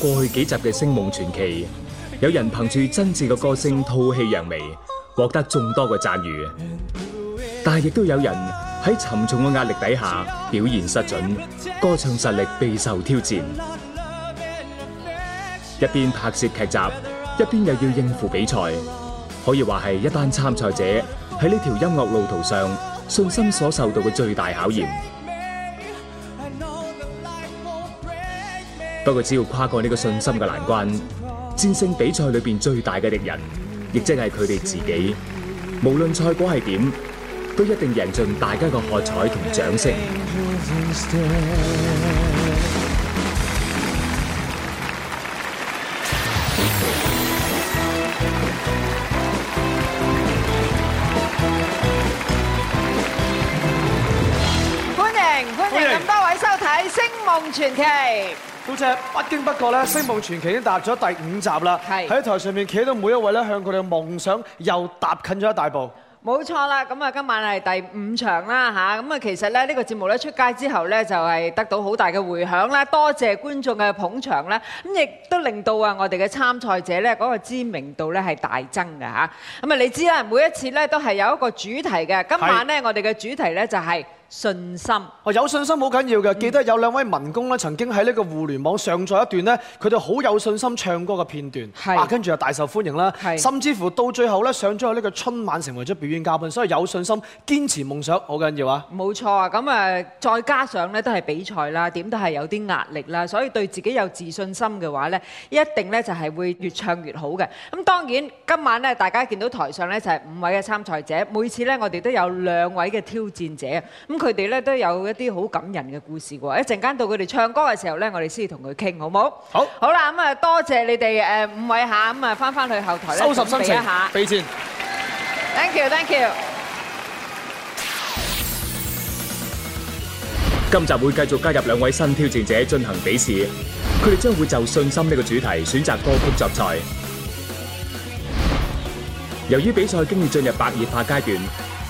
過去幾集嘅《星夢傳奇》，有人憑住真摯嘅歌聲吐氣揚眉，獲得眾多嘅讚譽；但係亦都有人喺沉重嘅壓力底下表現失準，歌唱實力備受挑戰。一邊拍攝劇集，一邊又要應付比賽，可以話係一班參賽者喺呢條音樂路途上信心所受到嘅最大考驗。不過只要跨過呢個信心嘅難關，戰勝比賽裏邊最大嘅敵人，亦即係佢哋自己。無論賽果係點，都一定贏盡大家嘅喝彩同掌聲。星夢傳奇，到咗不經不覺咧，星夢傳奇已經踏入咗第五集啦。係喺台上面企到每一位咧，向佢哋嘅夢想又踏近咗一大步。冇錯啦，咁啊今晚係第五場啦吓，咁啊其實咧呢個節目咧出街之後咧就係得到好大嘅回響啦，多謝觀眾嘅捧場啦，咁亦都令到啊我哋嘅參賽者咧嗰個知名度咧係大增㗎吓。咁啊你知啦，每一次咧都係有一個主題嘅，今晚咧我哋嘅主題咧就係。信心哦，有信心好緊要嘅。記得有兩位民工咧，曾經喺呢個互聯網上載一段咧，佢哋好有信心唱歌嘅片段，啊，跟住又大受歡迎啦，甚至乎到最後咧上咗呢個春晚，成為咗表演嘉賓。所以有信心，堅持夢想好緊要啊！冇錯啊，咁誒再加上咧都係比賽啦，點都係有啲壓力啦，所以對自己有自信心嘅話咧，一定咧就係會越唱越好嘅。咁當然今晚咧，大家見到台上咧就係五位嘅參賽者，每次咧我哋都有兩位嘅挑戰者啊。佢哋咧都有一啲好感人嘅故事喎，一陣間到佢哋唱歌嘅時候咧，我哋先至同佢傾好冇？好，好啦，咁啊多謝你哋誒五位下。咁啊翻翻去後台收拾心情，備戰。Thank you, thank you。今集會繼續加入兩位新挑戰者進行比試，佢哋將會就信心呢個主題選擇歌曲作賽。由於比賽經已進入白熱化階段。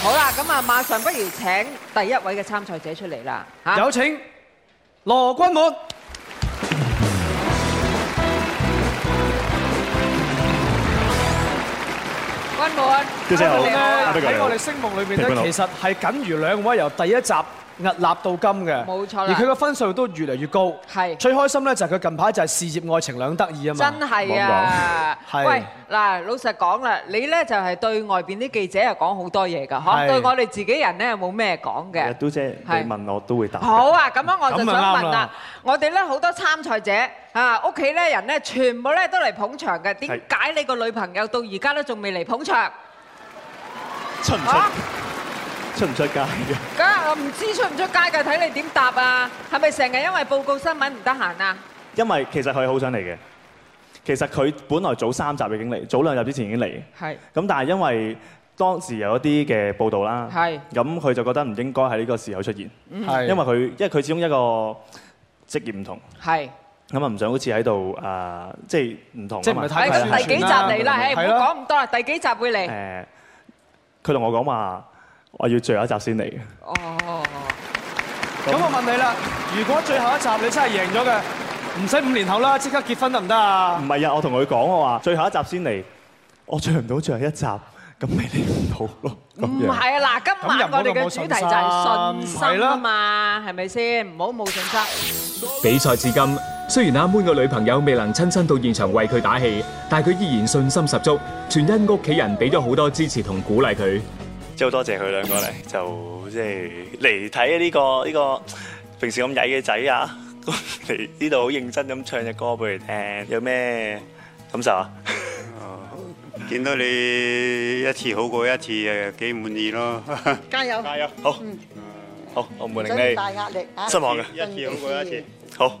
好啦，咁啊，馬上不如請第一位嘅參賽者出嚟啦吓，有請羅鈞滿，鈞滿。杜姐好，阿比利。喺我哋星夢裏邊咧，其實係僅餘兩位由第一集屹立到今嘅，冇錯啦。而佢嘅分數都越嚟越高，係最開心咧就係佢近排就係事業愛情兩得意啊嘛。真係啊，喂嗱，老實講啦，你咧就係對外邊啲記者係講好多嘢㗎，嗬？對我哋自己人咧，冇咩講嘅。杜姐，你問我都會答。好啊，咁樣我就想問啦，我哋咧好多參賽者啊，屋企咧人咧全部咧都嚟捧場嘅，點解你個女朋友到而家都仲未嚟捧場？出唔出？出唔出街嘅？咁我唔知出唔出街嘅，睇你點答啊？係咪成日因為報告新聞唔得閒啊？因為其實佢好想嚟嘅。其實佢本來早三集已經嚟，早兩集之前已經嚟。係。咁但係因為當時有一啲嘅報導啦。係。咁佢就覺得唔應該喺呢個時候出現。係。因為佢，因為佢始終一個職業唔同。係。咁啊，唔想好似喺度啊，即係唔同。即係唔係睇。咁第幾集嚟啦？係，唔好講咁多啦。第幾集會嚟？誒。佢同我講話，我要最後一集先嚟嘅。哦，咁我問你啦，如果最後一集你真係贏咗嘅，唔使五年後啦，即刻結婚得唔得啊？唔係啊，我同佢講我話，最後一集先嚟，我做唔到最後一集，咁咪嚟唔到咯。唔係啊，嗱，今晚我哋嘅主題就係信心啊嘛，係咪先？唔好冇信心。比賽至今。雖然阿 Moon 個女朋友未能親身到現場為佢打氣，但係佢依然信心十足，全因屋企人俾咗好多支持同鼓勵佢。就好多謝佢兩個嚟，就即係嚟睇呢個呢個平時咁曳嘅仔啊，嚟呢度好認真咁唱隻歌俾佢聽。有咩感受啊？見到你一次好過一次，又幾滿意咯！加油！加油！好，好，我唔會令你大壓力啊！失望嘅，一次好過一次。好。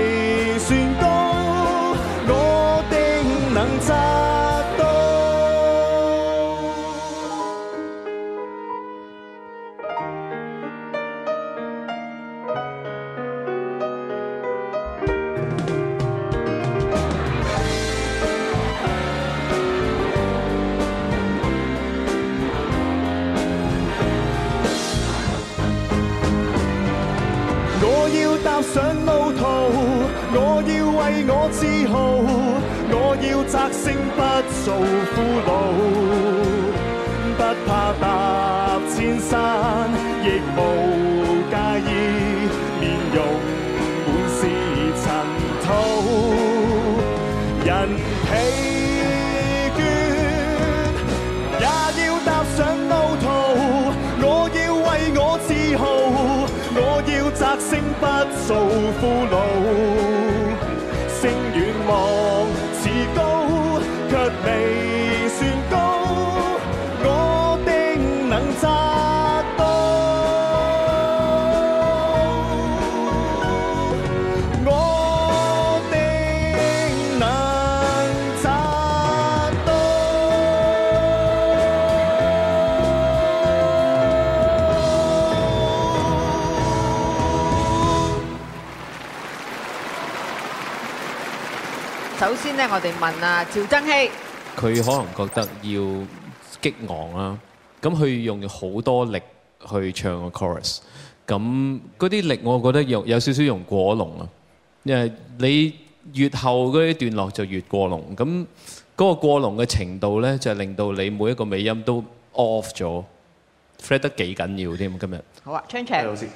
怕踏千山亦無介意，面容滿是塵土，人疲倦，也要踏上路途。我要為我自豪，我要摘星不做俘虜。即係我哋問啊，趙增熹，佢可能覺得要激昂啦，咁佢用好多力去唱個 chorus，咁嗰啲力我覺得有有點點用有少少用過濃啊，因為你越後嗰啲段落就越過濃，咁嗰個過濃嘅程度咧就係令到你每一個尾音都 off 咗 flat 得幾緊要添今日。好啊，昌卓老師。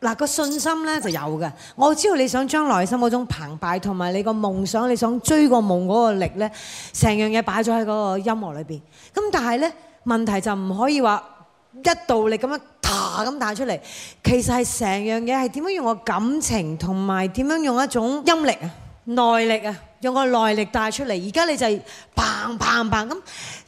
嗱個信心咧就有嘅，我知道你想將內心嗰種澎湃同埋你個夢想，你想追個夢嗰個力咧，成樣嘢擺咗喺嗰個音樂裏邊。咁但係咧，問題就唔可以話一度力咁樣，啪咁帶出嚟。其實係成樣嘢係點樣用個感情同埋點樣用一種音力啊、耐力啊，用個耐力帶出嚟。而家你就係砰砰砰咁。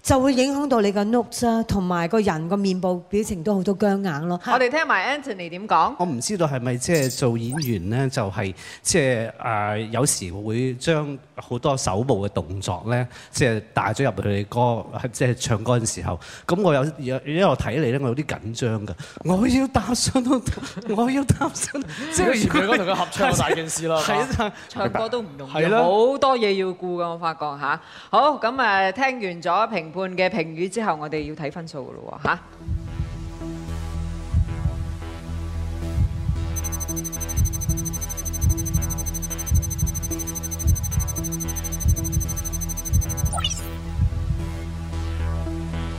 就會影響到你個 notes 啊，同埋個人個面部表情都好多僵硬咯。我哋聽埋 Anthony 點講。我唔知道係咪即係做演員咧，就係即係誒有時會將好多手部嘅動作咧，即係帶咗入去你歌，即係唱歌嘅時候。咁我有有因為我睇你咧，我有啲緊張㗎。我要踏上，我要踏上，即係以前佢講同佢合唱大件事咯。係咯，唱歌都唔容易，好多嘢要顧㗎。我發覺嚇，好咁誒，聽完咗評判嘅評語之後，我哋要睇分數噶咯喎，吓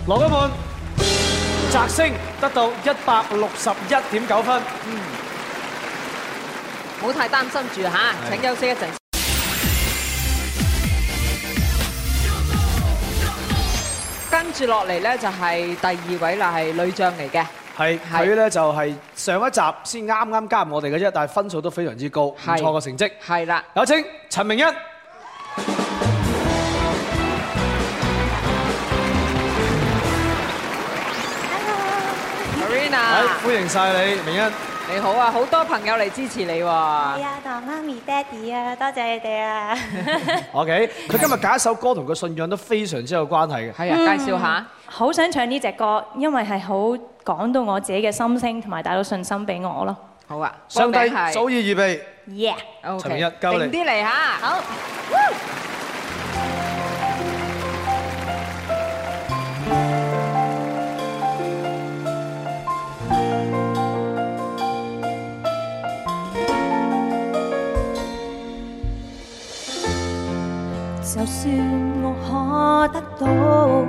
羅鈞滿摘星得到一百六十一點九分，唔好太擔心住吓，請休息一陣。跟住落嚟咧，就係第二位啦，係女將嚟嘅。係佢咧，就係上一集先啱啱加入我哋嘅啫，但係分數都非常之高，唔錯嘅成績。係啦，有請陳明恩。Hello，Corinna，好，歡迎晒你，明恩。你好啊，好多朋友嚟支持你喎。係啊，同、啊、媽咪、爹哋啊，多謝你哋啊。 OK，佢今日揀一首歌同佢信仰都非常之有關係嘅。係啊，介紹下。好、嗯、想唱呢隻歌，因為係好講到我自己嘅心聲，同埋帶到信心俾我咯。好啊，上帝早已預備。耶 Yeah. Okay.！一鳩嚟，靜啲嚟嚇。好。Woo! 就算我可得到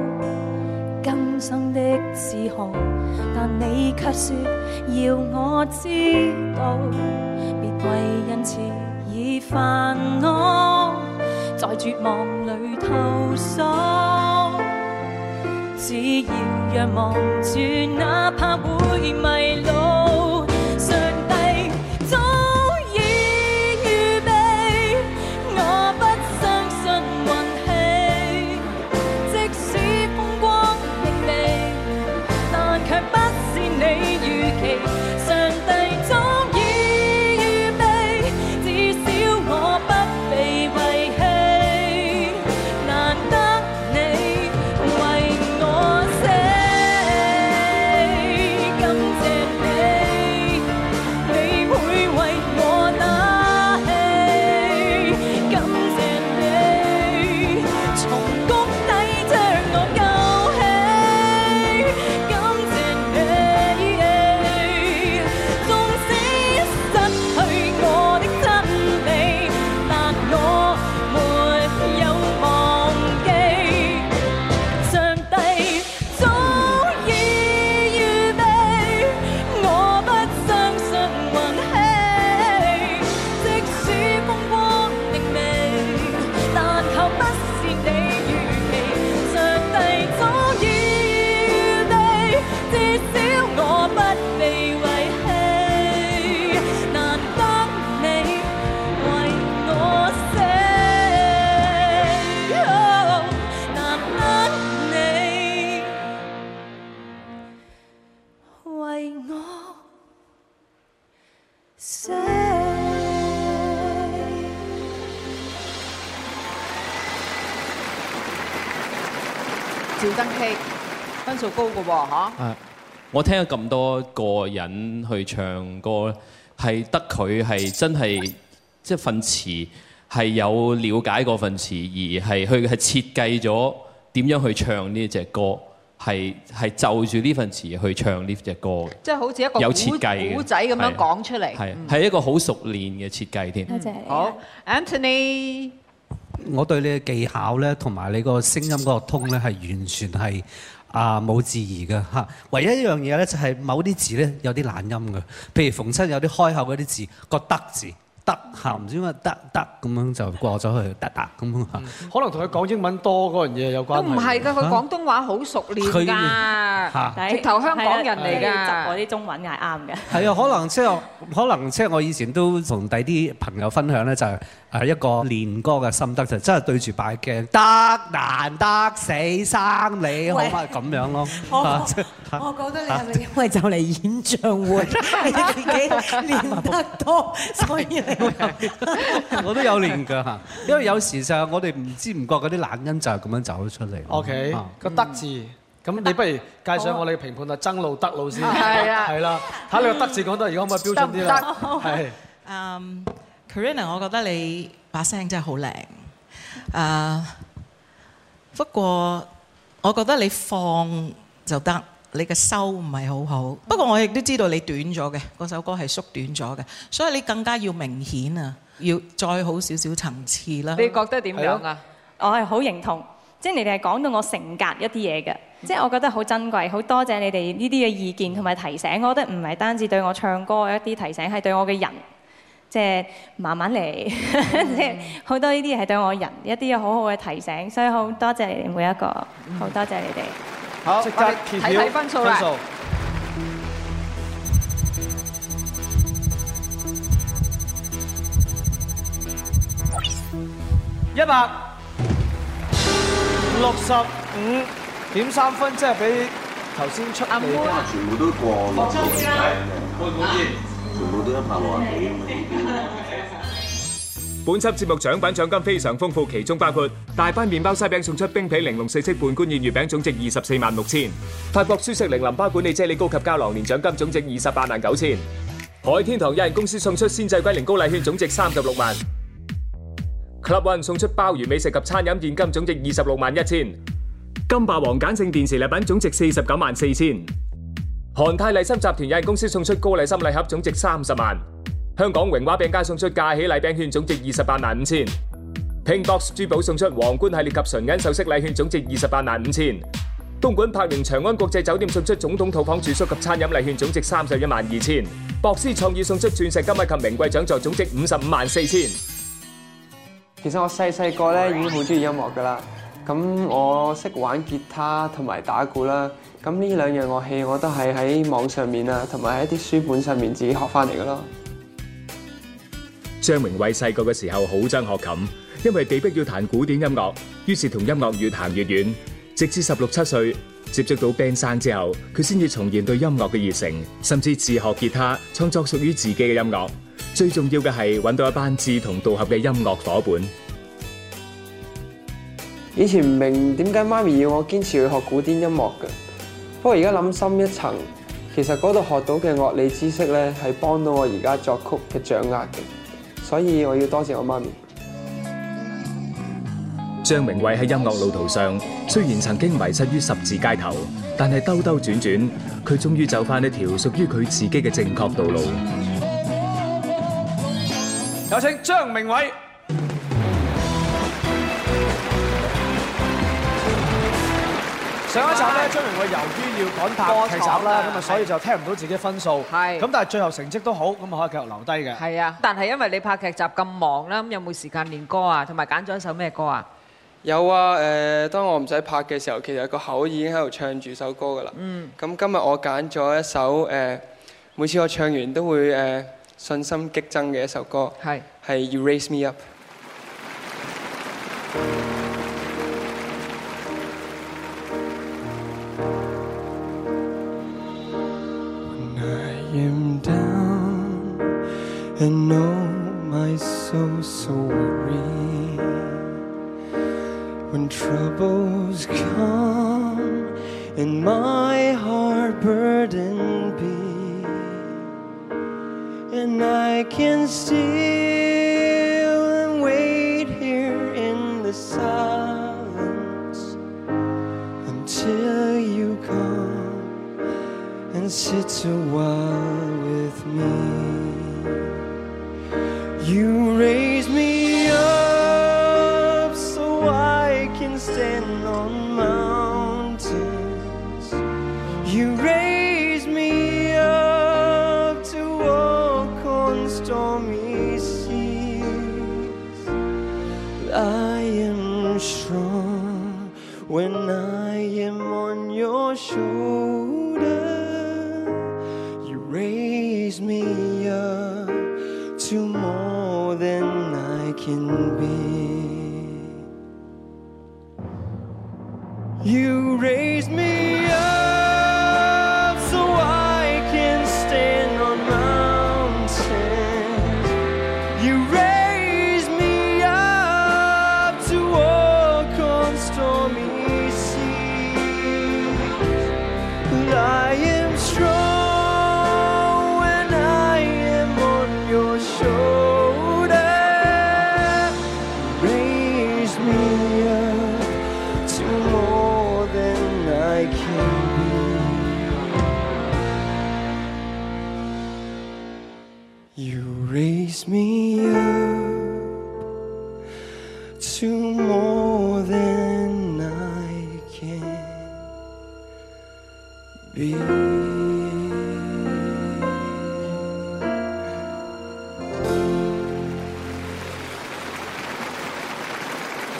今生的自豪，但你卻說要我知道，別為恩賜而煩惱，在絕望裏投訴，只要讓望住，哪怕會迷路。喎，我聽咗咁多個人去唱歌咧，係得佢係真係即係份詞係有了解嗰份詞，而係佢係設計咗點樣去唱呢隻歌，係係就住呢份詞去唱呢隻歌嘅。即係好似一個有設計古仔咁樣講出嚟，係係一個好熟練嘅設計添。多謝，謝好，Anthony，我對你嘅技巧咧，同埋你個聲音個 tone 咧，係完全係。啊，冇質疑嘅吓，唯一一樣嘢呢，就係某啲字呢，有啲懶音㗎。譬如逢親有啲開口嗰啲字，嗰個德字。得嚇，唔知點解得得咁樣就過咗去，得得咁樣嚇。可能同佢講英文多嗰樣嘢有關。都唔係㗎，佢廣東話好熟練㗎，直頭香港人嚟㗎，學啲中文係啱嘅。係啊，可能即係可能即係我以前都同第啲朋友分享咧，就係誒一個練歌嘅心得，就真係對住擺鏡，得難得死生你好嘛咁樣咯。我覺得你係咪因為就嚟演唱會，你自己練得多，所以？我都有練㗎，因為有時不不就係我哋唔知唔覺嗰啲懶音就係咁樣走咗出嚟。O K，啊、個得字，咁，嗯、你不如介紹我哋評判阿曾路得老師，係啦，啊，睇你個得字講得而家可唔可以標準啲啦？係。嗯、um，Corinna，我覺得你把聲真係好靚。誒、uh，不過我覺得你放就得。你嘅收音唔係好好，不過我亦都知道你短咗嘅，嗰首歌係縮短咗嘅，所以你更加要明顯啊，要再好少少層次啦。你覺得點樣啊？了我係好認同，即係你哋係講到我性格一啲嘢嘅，即係我覺得好珍貴，好多謝你哋呢啲嘅意見同埋提醒。我覺得唔係單止對我唱歌一啲提醒，係對我嘅人，即係慢慢嚟，即係好多呢啲係對我人一啲嘅好好嘅提醒。所以好多謝你哋每一個，好多謝你哋。嗯好，睇睇分數啦。一百六十五點三分，即係比頭先出啱。你家、啊、全部都過、啊、全部都一百六啊幾 本集節目獎品獎金非常豐富，其中包括大班麵包西餅送出冰皮玲瓏四式半觀燕月餅總值二十四萬六千；法國舒適零林巴管理啫喱高級膠囊年獎金總值二十八萬九千；海天堂有限公司送出鮮製龜苓膏禮券總值三十六萬；Club One 送出鮑魚美食及餐飲現金總值二十六萬一千；金霸王鹼性電池禮品總值四十九萬四千；韓泰麗參集團有限公司送出高麗參禮盒總值三十萬。香港榮華餅家送出嫁喜禮餅券總值二十八萬五千，Pinkbox 珠寶送出皇冠系列及純銀首飾禮券總值二十八萬五千。東莞柏寧長安國際酒店送出總統套房住宿及餐飲禮券總值三十一萬二千。博思創意送出鑽石金幣及名貴獎座總值五十五萬四千。其實我細細個咧已經好中意音樂噶啦，咁我識玩吉他同埋打鼓啦，咁呢兩樣樂器我都係喺網上面啊，同埋喺啲書本上面自己學翻嚟噶咯。張明偉細個嘅時候好憎學琴，因為被逼要彈古典音樂，於是同音樂越行越遠，直至十六七歲接觸到 band sound 之後，佢先至重燃對音樂嘅熱誠，甚至自學吉他創作屬於自己嘅音樂。最重要嘅係揾到一班志同道合嘅音樂夥伴。以前唔明點解媽咪要我堅持去學古典音樂嘅，不過而家諗深一層，其實嗰度學到嘅樂理知識咧，係幫到我而家作曲嘅掌握嘅。所以我要多謝我媽咪。張明偉喺音樂路途上，雖然曾經迷失於十字街頭，但係兜兜轉轉，佢終於走返一條屬於佢自己嘅正確道路。有請張明偉。上一集咧，張明偉由於要趕拍劇集啦，咁啊所以就聽唔到自己分數。係。咁但係最後成績都好，咁啊可以繼續留低嘅。係啊，但係因為你拍劇集咁忙啦，咁有冇時間練歌啊？同埋揀咗一首咩歌啊？有啊，誒，當我唔使拍嘅時候，其實個口已經喺度唱住首歌㗎啦。嗯。咁今日我揀咗一首誒，每次我唱完都會誒信心激增嘅一首歌。係。係，You Raise Me Up。To more than I can be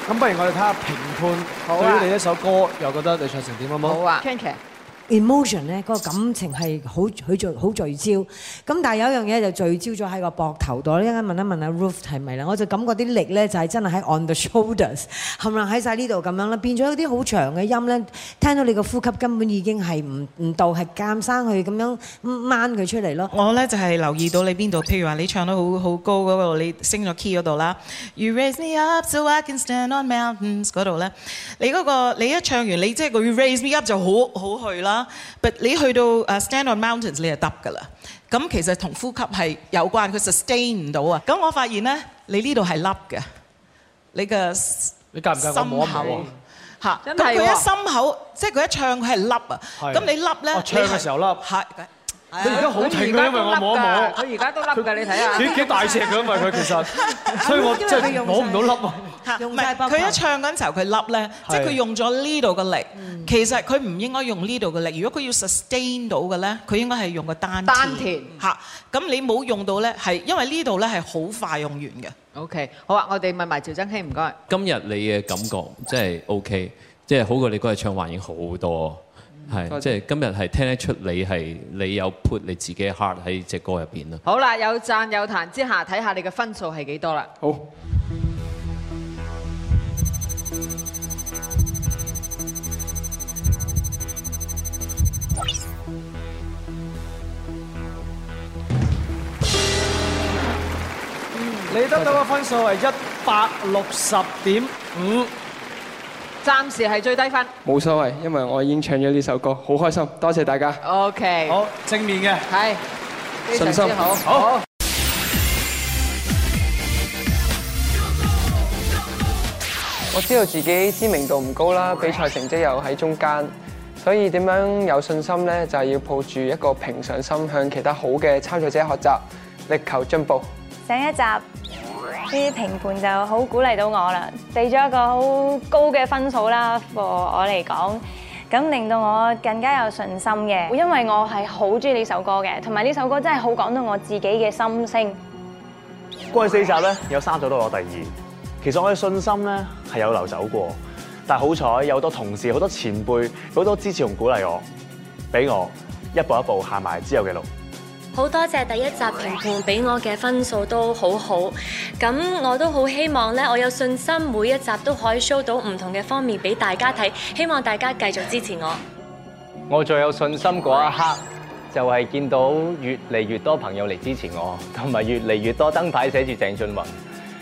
咁不如我哋睇下評判好、啊、對於你呢首歌又覺得你唱成點，好唔好啊？好啊 emotion 咧嗰個感情係好，佢就好聚焦，咁但係有一樣嘢就聚焦咗喺個膊頭度咧。一陣間問一問阿 Ruth 係咪啦，我就感覺啲力咧就係真係喺 on the shoulders 冚 𠰤 喺曬呢度咁樣啦，變咗啲好長嘅音咧，聽到你個呼吸根本已經係唔唔到係艱生去咁樣掹佢出嚟咯。我咧就係留意到你邊度，譬如話你唱得好好高嗰度你升咗 key 嗰度啦，You raise me up so I can stand on mountains 嗰度咧，你嗰個你一唱完你即係個 raise me up 就好好去啦。But 你去到 stand on mountains，你就得噶啦。咁其實同呼吸係有關，佢 sustain 唔到啊。咁我發現咧，你呢度係凹嘅，你嘅心口嚇。咁佢一心口，即係佢一唱，佢係凹啊。咁你凹咧，你唱嘅時候凹。佢而家好停咧，因為我摸一摸，佢而家都笠，佢你睇下，幾幾大隻嘅嘛佢其實，所以我真係摸唔到甩啊。唔係，佢一唱緊時候佢甩咧，即係佢用咗呢度嘅力，其實佢唔應該用呢度嘅力。如果佢要 sustain 到嘅咧，佢應該係用個丹丹田嚇。咁你冇用到咧，係因為呢度咧係好快用完嘅。OK，好啊，我哋問埋趙增熹，唔該。今日你嘅感覺即係 OK，即係好過你嗰日唱幻影好多。係，即係是謝謝 今日係聽得出你係你有 put 你自己嘅 heart 喺隻歌入邊啦。好啦，有讚有彈之下，睇下你嘅分數係幾多啦。好，謝謝 你得到嘅分數係一百六十點五。暫時係最低分。冇所謂，因為我已經唱咗呢首歌，好開心，多謝大家。OK，好正面嘅，係對信心，好好。好好，我知道自己知名度唔高啦，Okay. 比賽成績又喺中間，所以點樣有信心呢？就係、是、要抱住一個平常心，向其他好嘅參賽者學習，力求進步。上一集。啲評判就好鼓勵到我啦，俾咗一個好高嘅分數啦，for 我嚟講，咁令到我更加有信心嘅，因為我係好中意呢首歌嘅，同埋呢首歌真係好講到我自己嘅心聲。過去四集咧，有三組都攞第二，其實我嘅信心咧係有流走過，但係好彩有好多同事、好多前輩好多支持同鼓勵我，俾我一步一步行埋之後嘅路。好多謝第一集評判俾我嘅分數都好好，咁我都好希望咧，我有信心每一集都可以 show 到唔同嘅方面俾大家睇，希望大家繼續支持我。我最有信心嗰一刻就係見到越嚟越多朋友嚟支持我，同埋越嚟越多燈牌寫住鄭俊弘，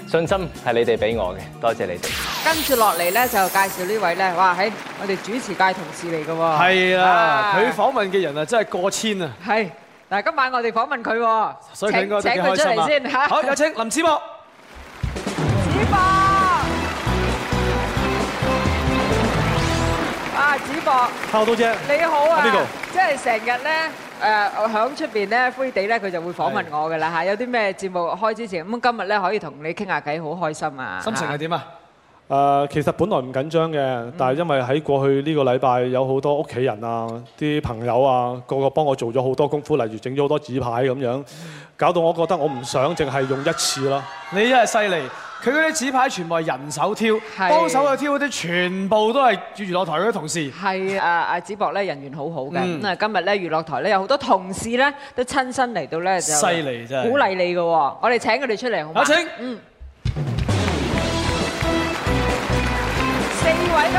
信心係你哋俾我嘅，多謝你哋。跟住落嚟咧就介紹呢位咧，哇，喺我哋主持界同事嚟噶喎，係啊，佢訪問嘅人啊真係過千啊，係。嗱，今晚我哋訪問佢喎。請請佢出嚟先嚇。好有請林子博。子博。啊子博。好多謝。你好啊。呢個。即係成日咧，誒，響出面咧灰地咧，佢就會訪問我㗎啦嚇。有啲咩節目開之前，咁今日咧可以同你傾下偈，好開心啊。心情係點啊？誒其實本來唔緊張嘅，但係因為喺過去呢個禮拜有好多屋企人啊、啲朋友啊，個個幫我做咗好多功夫，例如整咗好多紙牌咁樣，搞到我覺得我唔想淨係用一次啦。你真係犀利，佢嗰啲紙牌全部係人手挑，係啊，幫手去挑嗰啲全部都係娛樂台嗰啲同事係。係啊，阿子博咧人緣好好嘅，咁啊、嗯、今日咧娛樂台咧有好多同事咧都親身嚟到咧就犀利，真係鼓勵你嘅喎，我哋請佢哋出嚟。好唔好？請，嗯。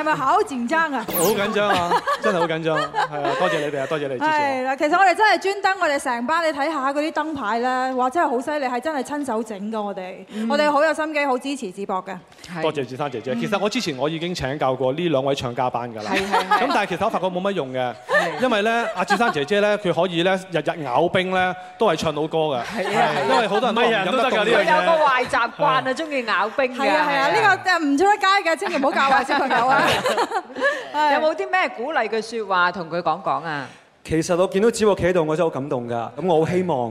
係咪好緊張啊？好緊張啊！真係好緊張，係啊！多謝你哋啊！多謝你支持。係啦，其實我哋真係專登，我哋成班你睇下嗰啲燈牌啦。哇，真係好犀利，係真係親手整噶。我哋，我哋好有心機，好支持子博嘅。多謝子珊姐姐。其實我之前我已經請教過呢兩位唱家班嘅啦。咁但係其實我發覺冇乜用嘅，因為咧，阿子珊姐姐咧，佢可以咧日日咬冰咧，都係唱到歌嘅。因為好多人都得教得教呢啲有個壞習慣啊，中意咬冰。係啊係啊，呢個唔出得街嘅，千祈唔好教壞小朋友啊。 有冇啲咩鼓勵嘅說話同佢講講啊？其實我見到子博企喺度，我真係好感動噶。咁我好希望。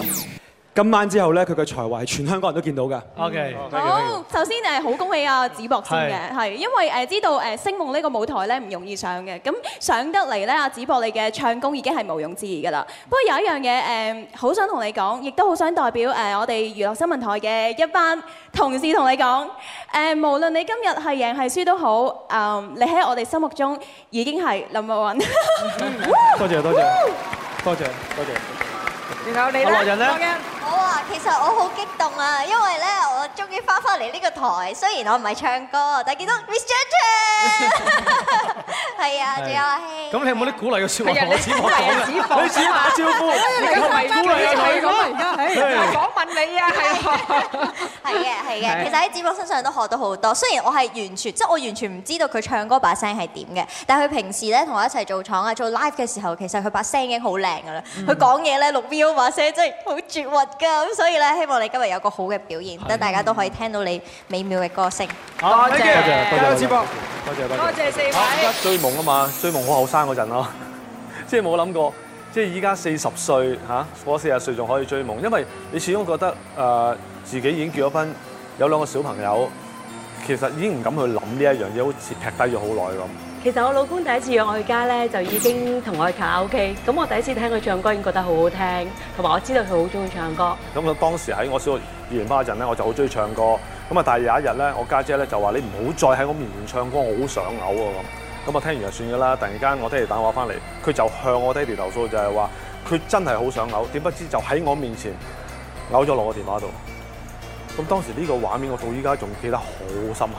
今晚之後咧，佢嘅才華全香港人都見到噶。OK。好，首先誒，好恭喜阿子博先嘅，係的因為誒知道誒星夢呢個舞台咧唔容易上嘅，咁上得嚟咧，阿子博你嘅唱功已經係毋庸置疑噶啦。不過有一樣嘢誒，好想同你講，亦都好想代表誒我哋娛樂新聞台嘅一班同事同你講，誒無論你今日係贏係輸都好，誒你喺我哋心目中已經係 number one。多謝，多謝，多謝，多謝。你好，你咧？我啊，其實我好激動啊，因為咧，我終於翻返嚟呢個台。雖然我唔係唱歌，但見到 Miss Jane Jane，係啊，仲有阿希。咁你有冇啲鼓勵嘅説話同子博講啊？你先打招呼，你個迷糊嚟啊！子博，我問你啊，係啊，係嘅，係嘅。其實喺子博身上都學到好多。雖然我係完全，即係我完全唔知道佢唱歌把聲係點嘅，但係佢平時咧同我一齊做廠啊，做 live 嘅時候，其實佢把聲已經好靚噶啦。佢講嘢咧，錄 video。話聲真係好絕韻㗎，咁所以咧，希望你今日有個好嘅表現，等大家都可以聽到你美妙嘅歌聲。的多謝多謝，多謝，多謝志邦，多謝多謝四位。追夢啊嘛，追夢好後生嗰陣咯， 即係冇諗過，即係依家四十歲嚇，我四十歲仲可以追夢，因為你始終覺得誒、呃、自己已經結咗婚，有兩個小朋友，其實已經唔敢去諗呢一樣嘢，好似撇低咗好耐咁。其實我老公第一次約我去街咧，就已經同我去卡拉 OK。咁我第一次聽佢唱歌，已經覺得好好聽。同埋我知道佢好中意唱歌。咁我當時喺我小學二年班嗰陣咧，我就好中意唱歌。咁啊，但係有一日咧，我家姐咧就話：你唔好再喺我面前唱歌，我好想嘔啊！咁咁我聽完就算噶啦。突然間我爹哋打電話翻嚟，佢就向我爹哋投訴就，就係話佢真係好想嘔。點不知就喺我面前嘔咗落我電話度。咁當時呢個畫面，我到依家仲記得好深刻。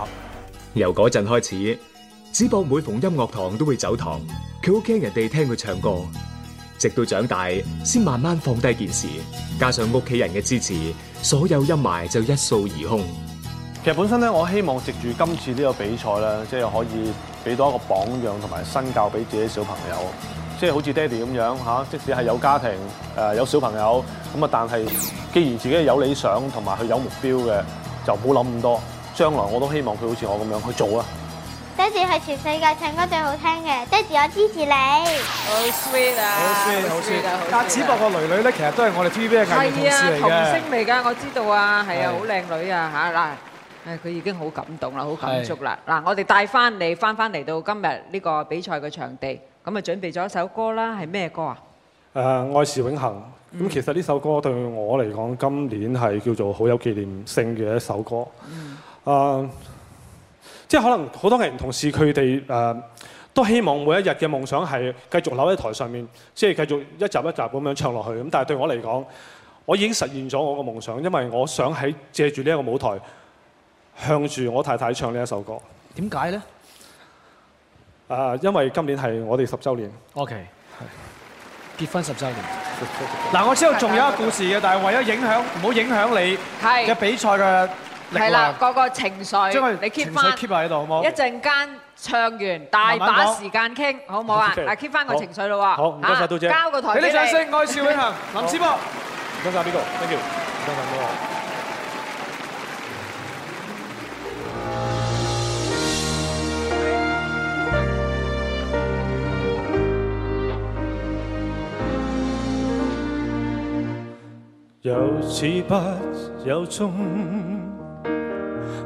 由嗰陣開始。子博每逢音樂堂都會走堂，佢好驚人哋聽佢唱歌，直到長大先慢慢放低件事。加上屋企人嘅支持，所有陰霾就一掃而空。其實本身咧，我希望藉住今次呢個比賽咧，即係可以俾多一個榜樣同埋身教俾自己小朋友，即係好似爹哋咁樣吓，即使係有家庭，誒有小朋友咁啊，但係既然自己有理想同埋佢有目標嘅，就唔好諗咁多。將來我都希望佢好似我咁樣去做啊。爹哋係全世界唱歌最好聽嘅，爹哋我支持你。好 sweet 啊！好 sweet，好 sweet。阿子博個囡囡咧，其實都係我哋 TVB 嘅同事嚟嘅。可以啊，童星嚟噶，我知道啊，係啊，好靚女啊嚇嗱。誒，佢已經好感動啦，好感觸啦。嗱，我哋帶翻你翻翻嚟到今日呢個比賽嘅場地，咁啊準備咗一首歌啦，係咩歌啊？誒，愛是永恆。咁其實呢首歌對我嚟講，今年係叫做好有紀念性嘅一首歌。嗯。啊。即係可能好多藝人同事佢哋誒都希望每一日嘅夢想係繼續留喺台上面，即係繼續一集一集咁樣唱落去。咁但係對我嚟講，我已經實現咗我個夢想，因為我想喺借住呢一個舞台，向住我太太唱呢一首歌。點解呢？啊，因為今年係我哋十周年。O K 的。是結婚十周年。嗱， 我知道仲有一個故事嘅，太太但係為咗影響，唔好影響你嘅比賽嘅。係啦，個個情緒你 keep 翻，keep 埋喺度好冇？一陣間唱完，大把時間傾，好冇啊？嗱，keep 翻個情緒咯喎，好，唔該晒，多謝，交個台俾你。掌聲，愛笑永行，林子博。多謝呢個，thank you。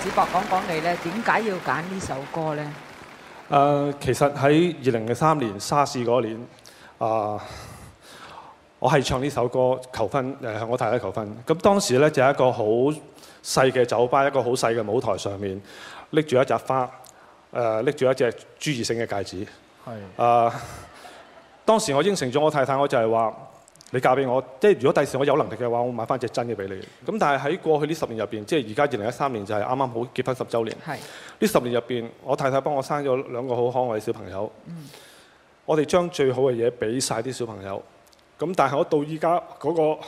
子博講講你咧，點解要揀呢首歌咧？誒，uh, 其實喺二零零三年沙士嗰年啊，uh, 我係唱呢首歌求婚誒，向我太太求婚。咁當時咧就係、是、一個好細嘅酒吧，一個好細嘅舞台上面拎住一扎花誒，拎、uh, 住一隻朱義盛嘅戒指。係誒，當時我應承咗我太太，我就係話。你嫁俾我，即係如果第時我有能力嘅話，我買翻隻真嘅俾你。咁但係喺過去呢十年入邊，即係而家二零一三年就係啱啱好結婚十週年。呢是的 十年入邊，我太太幫我生咗兩個好可愛嘅小朋友。嗯、我哋將最好嘅嘢俾晒啲小朋友。咁但係我到依家嗰個。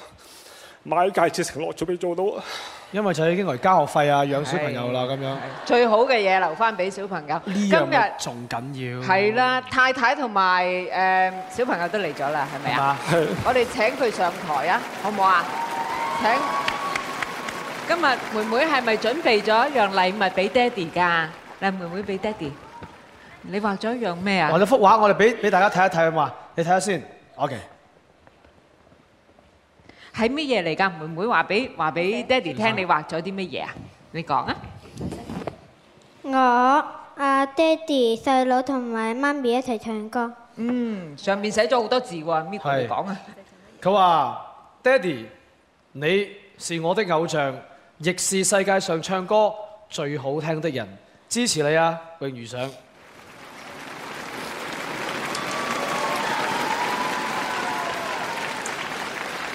買戒指落咗未做到啊！因為就已經嚟交學費啊、養小朋友啦咁樣，最好嘅嘢留翻俾小朋友。今日仲緊要。係啦，太太同埋誒小朋友都嚟咗啦，係咪啊？我哋請佢上台啊，好唔好啊？請，今日妹妹係咪準備咗一樣禮物俾爹哋㗎？嚟，妹妹俾爹哋，你畫咗一樣咩啊？畫咗幅畫，我哋俾俾大家睇一睇，好嘛？你睇下先，OK。係乜嘢嚟噶？會唔會話俾話俾爹哋聽，你畫咗啲乜嘢啊？你講啊！我阿爹哋細佬同埋媽咪一齊唱歌。嗯，上面寫咗好多字喎，咪講啊！佢話：爹哋，你是我的偶像，亦是世界上唱歌最好聽的人，支持你啊！榮譽獎。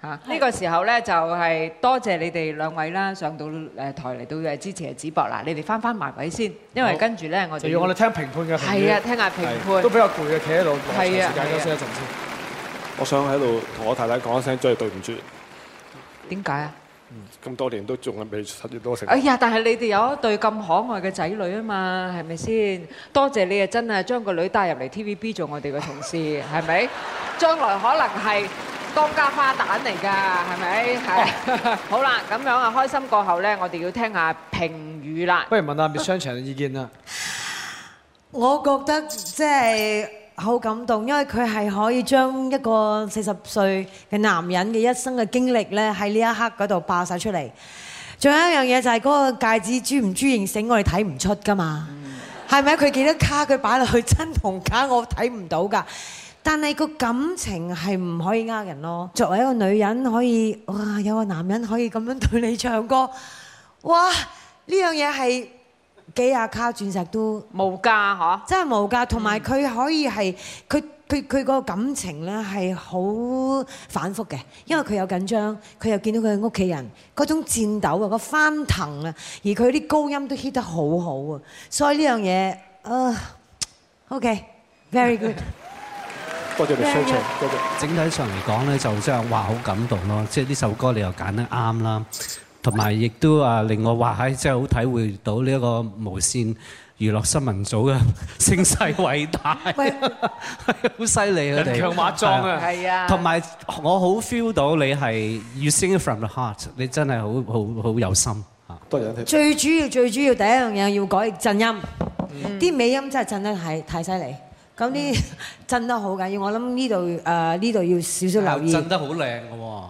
啊！呢個時候咧，就係多謝你哋兩位啦，上到誒台嚟到誒支持阿子博。嗱，你哋翻翻埋位先，因為跟住咧我哋要我哋聽評判嘅。係啊，聽下評判。都比較攰啊，企喺度。係啊。休息一陣先。我想喺度同我太太講一聲，真係對唔住。點解啊？嗯，咁多年都仲係未食住多食。哎呀！但係你哋有一對咁可愛嘅仔女啊嘛，係咪先？多謝你啊！真係將個女帶入嚟 TVB 做我哋嘅同事，係咪？將來可能係。當家花旦嚟㗎，係咪？係，好啦，咁樣啊，開心過後咧，我哋要聽下評語啦。不如問下商場嘅意見啦。我覺得即係好感動，因為佢係可以將一個四十歲嘅男人嘅一生嘅經歷咧，喺呢一刻嗰度爆曬出嚟。仲有一樣嘢就係嗰個戒指珠唔珠形醒，我哋睇唔出㗎嘛？係咪啊？佢幾多卡佢擺落去真同假，我睇唔到㗎。但係個感情係唔可以呃人咯。作為一個女人，可以哇，有個男人可以咁樣對你唱歌，哇呢樣嘢係幾廿卡鑽石都無價嗬！真係無價。同埋佢可以係佢佢佢個感情咧係好反覆嘅，因為佢又緊張，佢又見到佢嘅屋企人嗰種戰鬥啊、個翻騰啊，而佢啲高音都 hit 得好好啊。所以呢樣嘢啊，OK，very good。呃，好的很。多謝，謝你收場，多謝，謝。謝謝謝謝謝謝整體上嚟講咧，就即係話好感動咯。即係呢首歌你又揀得啱啦，同埋亦都啊令我話喺真係好體會到呢一個無線娛樂新聞組嘅聲勢偉大，好犀利啊！人強馬壯對 是啊，係啊。同埋我好 feel 到你係 You Sing From The Heart，你真係好好好有心嚇。多謝，謝。最主要最主要第一樣嘢要改震音，啲尾、嗯、音真係震得太太犀利。咁啲震得好緊要，我諗呢度誒呢度要少少留意。震得好靚嘅喎，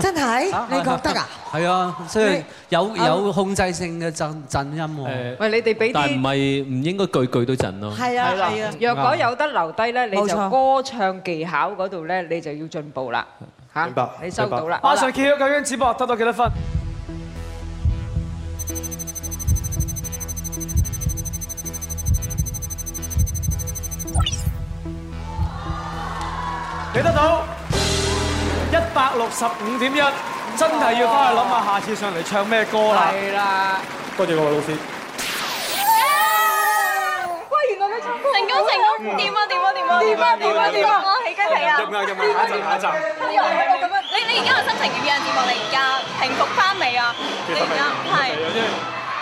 真係你覺得啊？係啊，所以有有控制性嘅震震音喎。喂你哋俾啲，但係唔係唔應該句句都震咯？係啊係啊，若果有得留低咧，你就歌唱技巧嗰度咧，你就要進步啦嚇。明白，你收到啦。馬上揭曉究竟林子博，得到幾多分？睇得到一百六十五點一，真係要翻去諗下，下次上嚟唱咩歌啦？係啦，多謝各位老師。哇！原來你成功成功成功，掂啊掂啊掂啊掂啊掂啊掂啊！起雞皮啊！掂啊啊掂啊！你你而家嘅心情點樣點啊？你而家平復翻未啊？其實啊係。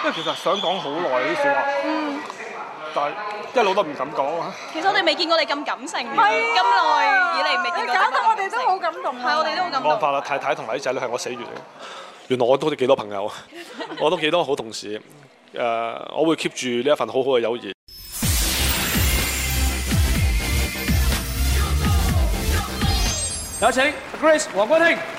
因為其實想講好耐啲説話。嗯。但一路都唔敢講。其實我哋未見過你咁感性，咁耐、啊、以嚟未。你搞到我哋真都好感動，啊，係我哋都好感動，啊。冇辦法啦，太太同埋啲仔女係我死緣嚟。原來我都好，幾多朋友， 我都幾多好同事。誒、uh，我會 keep 住呢一份好好嘅友誼。有請、A、Grace 王君馨。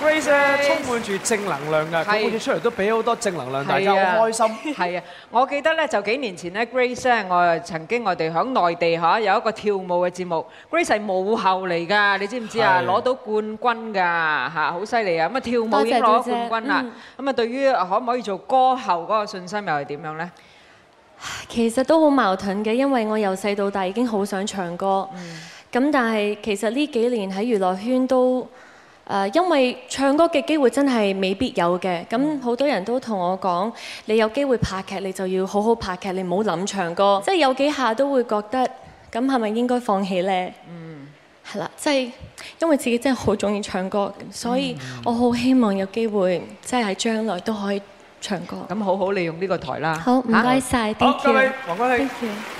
Grace 咧，充滿住正能量噶，佢好似出嚟都俾好多正能量，大家好開心。係啊，我記得咧就幾年前咧，Grace，我曾經我哋響內地嚇有一個跳舞嘅節目，Grace 係舞后嚟噶，你知唔知啊？攞到冠軍噶嚇，好犀利啊！咁啊，跳舞已經攞到冠軍啦。咁啊，對於可唔可以做歌后嗰個信心又係點樣咧？其實都好矛盾嘅，因為我由細到大已經好想唱歌，咁但係其實呢幾年喺娛樂圈都。誒，因為唱歌嘅機會真係未必有嘅，咁好多人都同我講，你有機會拍劇，你就要好好拍劇，你唔好諗唱歌。即係 有幾下都會覺得，咁係咪應該放棄呢？嗯，係 啦樂，即係、就是、因為自己真係好中意唱歌，所以我好希望有機會，即係喺將來都可以唱歌。咁 好好利用呢個台啦。好，唔該晒。Thank you 始。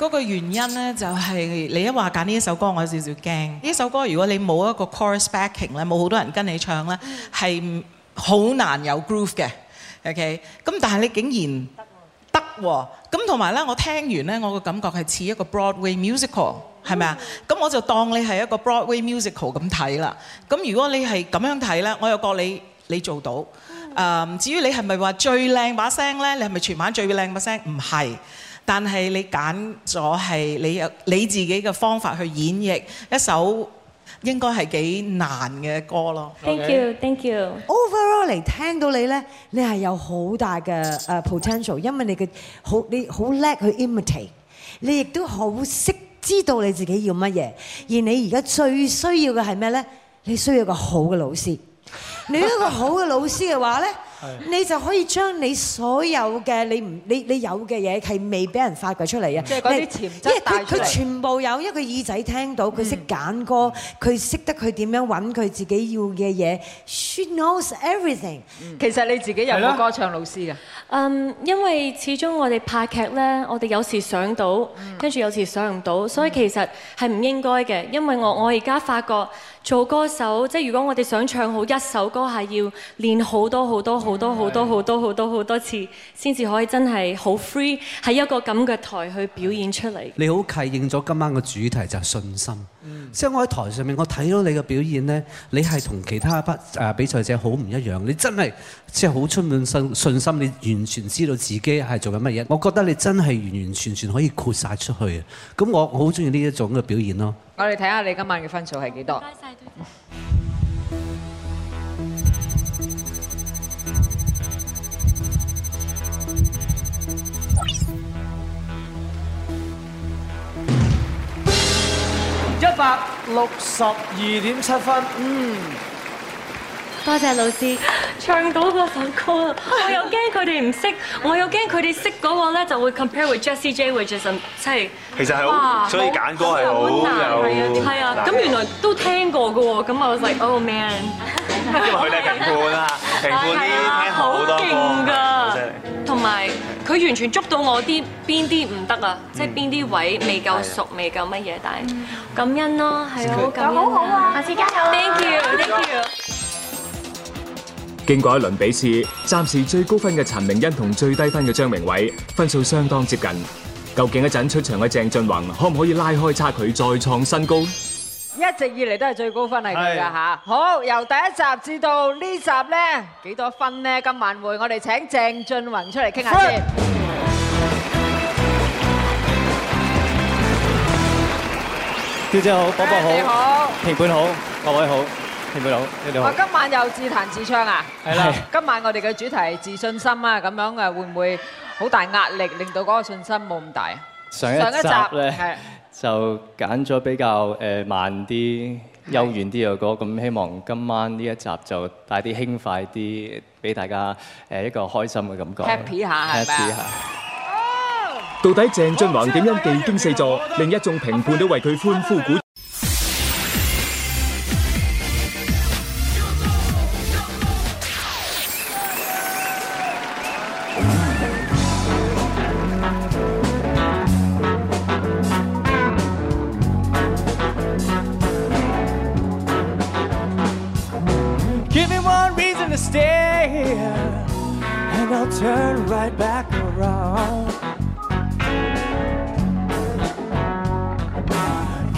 嗰個原因咧，就係你一話揀呢一首歌，我有少少驚。呢首歌如果你冇一個 chorus backing 咧，冇好多人跟你唱咧，係好難有 groove 嘅。OK，咁但係你竟然得喎，咁同埋咧，我聽完咧，我個感覺係似一個 Broadway musical，係咪啊？咁我就當你係一個 Broadway musical 咁睇啦。咁如果你係咁樣睇咧，我又覺你你做到。誒，至於你係咪話最靚把聲咧？你係咪全晚最靚把聲？唔係。但係你揀咗係你有你自己嘅方法去演繹一首應該係幾難嘅歌咯。Thank you, thank you。Overall 嚟聽到你呢，你係有好大嘅誒 potential，因為你嘅好，你好叻去 imitate，你亦都好識知道你自己要乜嘢。而你而家最需要嘅係咩呢？你需要個好嘅老師。你一個好嘅老師嘅話呢。你就可以將你所有嘅你唔你你有嘅嘢係未俾人發掘出嚟嘅，即係嗰啲潛質帶出嚟。佢全部有一個耳仔聽到，佢識揀歌，佢識得佢點樣揾佢自己要嘅嘢。She knows everything。其實你自己有冇歌唱老師嘅？嗯，因為始終我哋拍劇呢，我哋有時想到，跟住有時想唔到，所以其實係唔應該嘅。因為我我而家發覺。做歌手，即如果我哋想唱好一首歌，係要練好多好多好多好多好多好多好多次，先至可以真係好 free 喺一個咁嘅台去表演出嚟。你好契應咗今晚嘅主題就係信心。即係、嗯、我喺台上面，我睇到你嘅表演呢，你係同其他一班誒比賽者好唔一樣。你真係即係好充滿信信心，你完全知道自己係做緊乜嘢。我覺得你真係完完全全可以豁晒出去。咁我我好中意呢一種嘅表演咯。嗯、我哋睇下你今晚嘅分數係幾多？謝謝一百六十二點七分，嗯，多謝老師唱到嗰首歌，我又驚佢哋唔識，我又驚佢哋識嗰個咧就會 compare with Jessie J or Justin 即係，其實係好，所以揀歌係好又係啊，咁原來都聽過㗎喎，咁我就 oh man。因為佢哋係評判啊，評判啲聽好多歌，同埋佢完全捉到我啲邊啲唔得啊，即係邊啲位未夠熟，未夠乜嘢，但係感恩咯，係啊！感恩好好啊，下次加油。Thank you，Thank you。經過一輪比試，暫時最高分嘅陳明恩同最低分嘅張明偉分數相當接近，究竟一陣出場嘅鄭俊弘，可唔可以拉開差距，再創新高？一直以嚟都係最高分係佢㗎吓，好由第一集至到呢集呢幾多分呢？今晚會我哋請鄭俊弘出嚟傾下先。小姐好，伯伯好，評判好，各位好，評判好，你哋好。今晚又自彈自唱啊？係啦。今晚我哋嘅主題係自信心啊，咁樣誒會唔會好大壓力，令到嗰個信心冇咁大啊？上一集呢。就揀咗比較誒慢啲、悠遠啲嘅歌，咁的希望今晚呢一集就帶啲輕快啲俾大家誒一個開心嘅感覺，Happy 下係咪啊？到底鄭俊弘點樣技驚四座，令一眾評判都為佢歡呼鼓？鼓。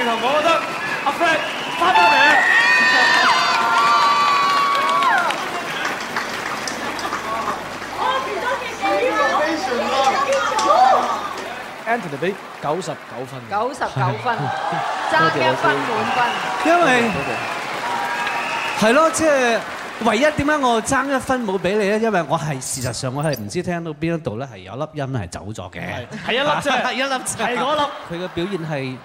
同我得阿 Frank 翻返嚟，Anthony 俾九十九分，九十九分，爭一分滿分。因為係咯，即係唯一點解我爭一分冇俾你咧？因為我係事實上我係唔知聽到邊一度咧，係有粒音係走咗嘅。係一粒啫，一粒係嗰粒。佢嘅表現係，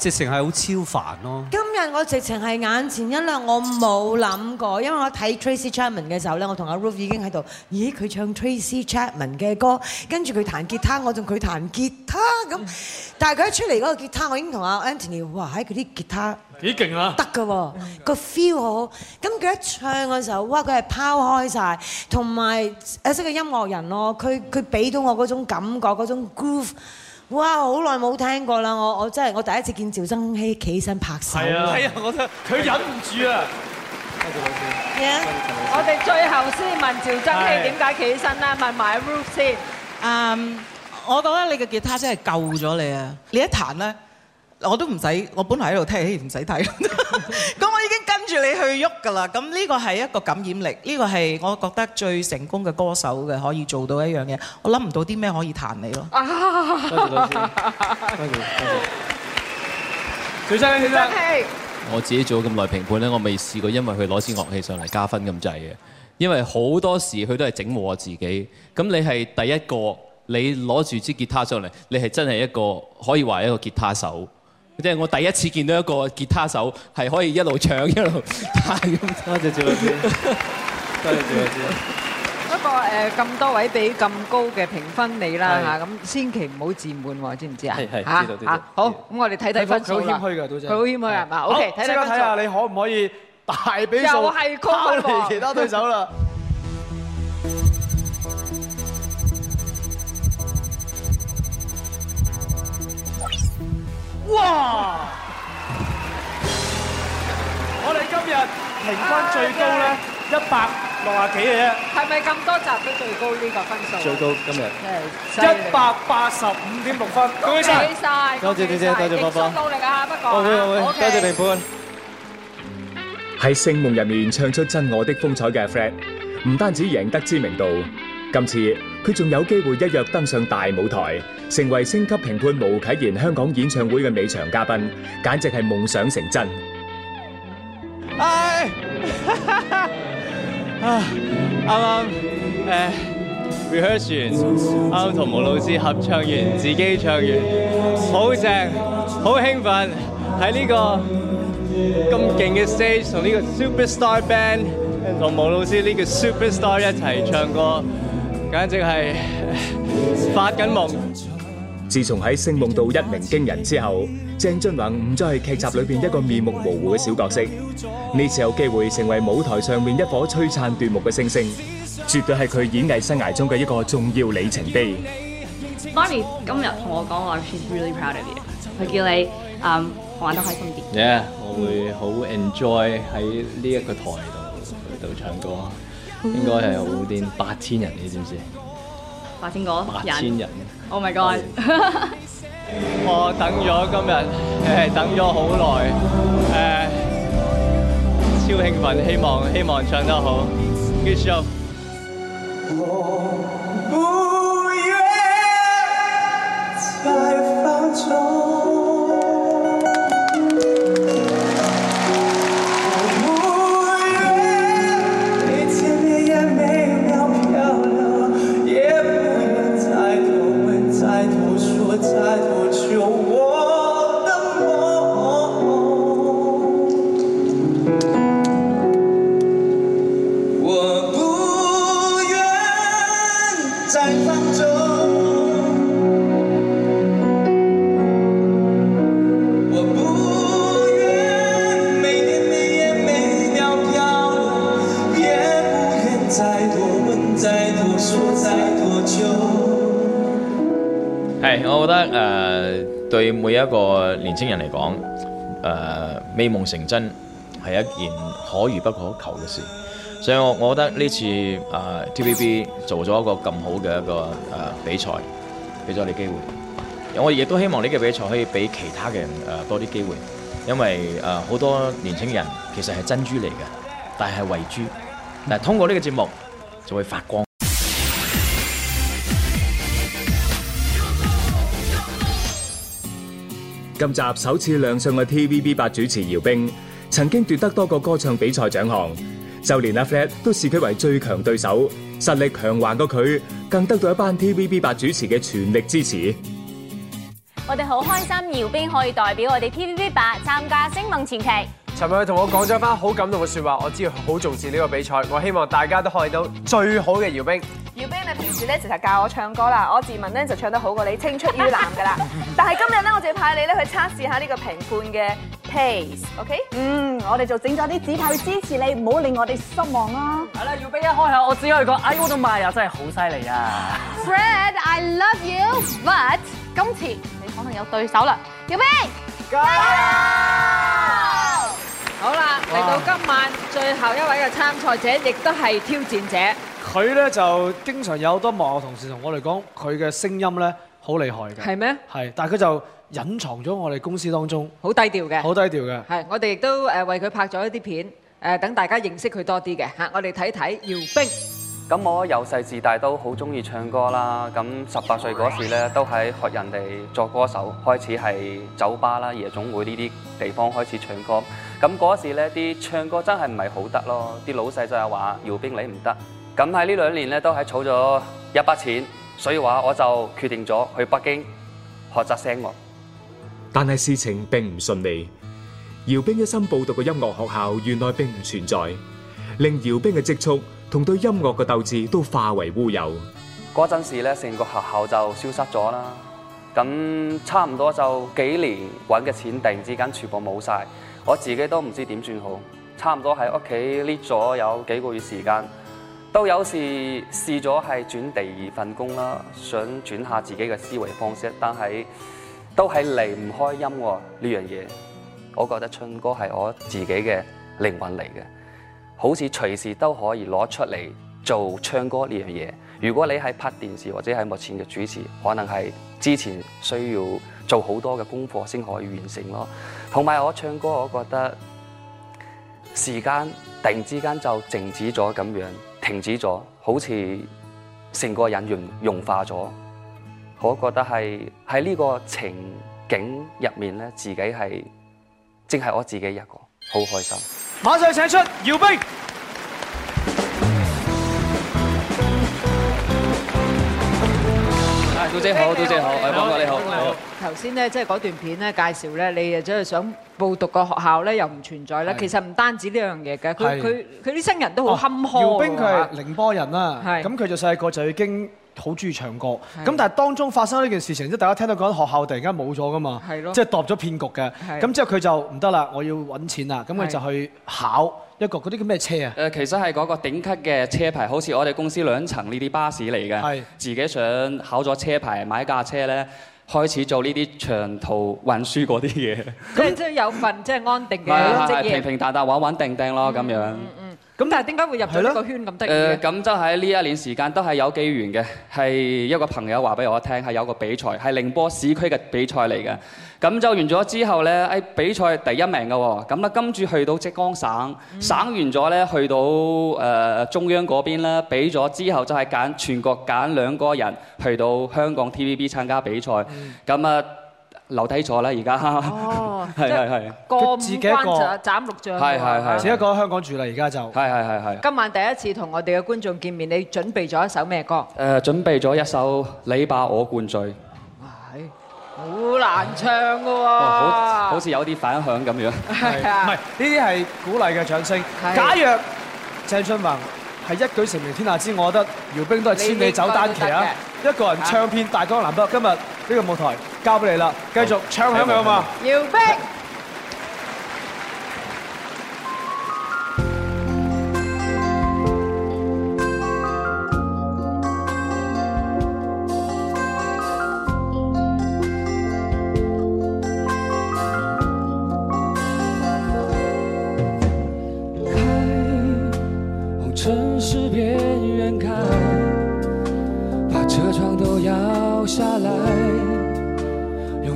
直情係好超凡咯！今日我直情係眼前一亮，我冇諗過，因為我睇 Tracy Chapman 嘅時候咧，我同阿 Ruth 已經喺度，咦佢唱 Tracy Chapman 嘅歌，跟住佢彈吉他，我同佢彈吉他咁。但係佢一出嚟嗰個吉他，我已經同阿 Anthony 哇喺佢啲吉他幾勁啊！得㗎喎，個 feel 好好。咁佢一唱嘅時候，哇佢係拋開晒，同埋誒識個音樂人咯。佢佢俾到我嗰種感覺，嗰種 groove。哇！好耐冇聽過啦，我我真係我第一次見趙增熹企起身拍手對。係啊，我真佢忍唔住啊！多謝老師，咩？我哋最後先問趙增熹點解企起身啦？對 對 問埋 Rooft 先。嗯，我覺得你嘅吉他真係救咗你啊！你一彈咧。我都唔使，我本來喺度聽，唔使睇。咁 我已經跟住你去喐㗎啦。咁呢個係一個感染力，呢個係我覺得最成功嘅歌手嘅可以做到的一樣嘢。我諗唔到啲咩可以彈你咯。多、啊、謝多謝，謝，謝，謝謝。我自己做咗咁耐評判咧，我未試過因為佢攞支樂器上嚟加分咁滯嘅，因為好多時佢都係整和我自己。咁你係第一個，你攞住支吉他上嚟，你係真係一個可以話係一個吉他手。即係我第一次見到一個吉他手係可以一路唱一路彈咁，多謝趙老師，多謝趙老師。不過誒咁多位俾咁高嘅評分你啦嚇，咁千祈唔好自滿喎，知唔知啊？係係，知道知道。好，咁我哋睇睇分數啦。佢好謙虛㗎，杜姐。佢好謙虛係嘛？O K，睇睇分數。即刻睇下你可唔可以大比數拋離其他對手啦。哇！我哋今日評分最高咧一百六啊幾嘅啫，係咪咁多集都最高呢個分數？最高今日，一百八十五點六分，恭喜晒！多謝姐姐，多謝方方，到你啦，不過，多謝評判。喺《星夢》入面唱出真愛啲風采嘅 Fred，唔單止贏得知名度，今次。佢仲有機會一躍登上大舞台，成為星級評判巫啟賢香港演唱會嘅尾場嘉賓，簡直係夢想成真！哎，哈哈哈！啱啱，誒，rehearsal，啱啱同巫老師合唱完，自己唱完，好正，好興奮，喺呢個咁勁嘅 stage，同呢個 superstar band，同巫老師呢個 superstar 一齊唱歌。簡直係發緊夢。自從喺《星夢》到一鳴驚人之後，鄭俊弘唔再係劇集裏邊一個面目模糊嘅小角色，呢次有機會成為舞台上面一顆璀璨奪目嘅星星，絕對係佢演藝生涯中嘅一個重要里程碑 anny。媽咪今日同我講話，she's really proud of you，佢叫你、嗯、玩得開心啲。Yeah, 我會好 enjoy 喺呢一個台度去唱歌。 應該係好啲，八千人你知唔知？八千個，八千人。Oh my god！Oh. 我等咗今日，呃，等咗好耐，超興奮，希望希望唱得好，結束。Good 年青人嚟講，誒、美夢成真係一件可遇不可求嘅事，所以我我覺得呢次誒、呃、TVB 做咗一個咁好嘅一個誒、呃、比賽俾咗你機會，我亦都希望呢個比賽可以俾其他嘅人誒、呃、多啲機會，因為誒好、呃、多年青人其實係珍珠嚟嘅，但係係遺珠，但係通過呢個節目就會發光。今集首次亮相嘅 TVB8 主持姚兵，曾經奪得多個歌唱比賽獎項，就連阿 Fred 都視佢為最強對手。實力強橫嘅佢，更得到一班 TVB8 主持嘅全力支持。我哋好開心姚兵可以代表我哋 TVB8 參加《星夢傳奇》。尋日佢同我講咗翻好感動嘅說話，我知道好重視呢個比賽。我希望大家都可以到最好嘅姚兵。姚兵嘅評判咧，i, 其實教我唱歌啦，我自問咧就唱得清好過你青出於藍噶啦。但係今日咧，我就要派你咧去測試下呢個評判嘅 pace，OK？嗯，我哋就整咗啲紙牌去支持你，唔好令我哋失望啊！係啦，姚兵一開口，我只可以講，哎喲，我的媽呀，真係好犀利啊！Fred，I love you，but 今次你可能有對手啦。姚兵，加油好！好啦，嚟到今晚哇 最後一位嘅參賽者，亦都係挑戰者。佢咧就經常有好多幕後同事同我哋講，佢嘅聲音咧好厲害嘅。係咩？係，但係佢就隱藏咗我哋公司當中。好低調嘅。好低調嘅。係，我哋亦都誒為佢拍咗一啲片，誒等大家認識佢多啲嘅吓。我哋睇睇姚兵。咁我由細至大都好中意唱歌啦。咁十八歲嗰時咧，都喺學人哋作歌手，開始喺酒吧啦、夜總會呢啲地方開始唱歌。咁嗰時咧，啲唱歌真係唔係好得咯。啲老細就係話：姚兵，你唔得。咁喺呢兩年咧，都係儲咗一筆錢，所以話我就決定咗去北京學習聲樂。但係事情並唔順利，姚兵一心報讀嘅音樂學校原來並唔存在，令姚兵嘅積蓄同對音樂嘅鬥志都化為烏有。嗰陣時咧，成個學校就消失咗啦。咁差唔多就幾年揾嘅錢，突然之間全部冇晒。我自己都唔知點算好。差唔多喺屋企匿咗有幾個月時間。都有時試咗係轉第二份工啦，想轉下自己嘅思維方式，但係都係離唔開音樂呢樣嘢。我覺得唱歌係我自己嘅靈魂嚟嘅，好似隨時都可以攞出嚟做唱歌呢樣嘢。如果你喺拍電視或者係目前嘅主持，可能係之前需要做好多嘅功課先可以完成咯。同埋我唱歌，我覺得時間突然之間就靜止咗咁樣。停止咗，好似成個人融融化咗，我覺得係喺呢個情景入面咧，自己係正係我自己一個好開心。馬上請出姚兵，姚兵，杜姐好，杜姐好，來頭先咧，即係嗰段片咧介紹咧，你誒真係想報讀個學校咧，又唔存在啦。其實唔單止呢樣嘢嘅，佢佢佢啲新人都好坎坷。姚兵佢係寧波人啦，咁佢就細個就已經好中意唱歌。咁但係當中發生呢件事情，即係大家聽到嗰間學校突然間冇咗噶嘛，即係墮咗騙局嘅。咁之後佢就唔得啦，我要揾錢啦，咁佢就去考一個嗰啲叫咩車啊？誒，其實係嗰個頂級嘅車牌，好似我哋公司兩層呢啲巴士嚟嘅，自己想考咗車牌買架車咧。開始做呢啲長途運輸嗰啲嘢，即係即係有份即係安定嘅職業， 對平平淡淡穩穩定定咯咁、嗯、樣。咁那但係點解會入咗呢個圈咁得意嘅？誒，咁就喺呢一年時間都係有機緣嘅，係一個朋友話俾我聽，係有個比賽，係寧波市區嘅比賽嚟嘅。咁就完咗之後咧，誒、哎、比賽係第一名嘅喎、哦。咁咧跟住去到浙江省，嗯、省完咗咧去到、呃、中央嗰邊咧，比咗之後就係揀全國揀兩個人去到香港 TVB 參加比賽。咁啊、嗯、～留低咗啦，而家。哦，係係係。個，自己一個。斬六將。係係係。只一個香港住啦，而家就。係係係係。今晚第一次同我哋嘅觀眾見面，你準備咗一首咩歌？誒，準備咗一首《你把我灌醉》。嘩，好難唱㗎喎。好好似有啲反響咁樣。係啊。唔係，呢啲係鼓勵嘅掌聲。假若鄭俊弘係一舉成名天下知，我覺得姚兵都係千里走單騎啊！一個人唱遍、啊、大江南北，今日呢個舞台交俾你啦，繼續唱響嘛，姚兵好。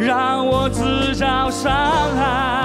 讓我自找傷害。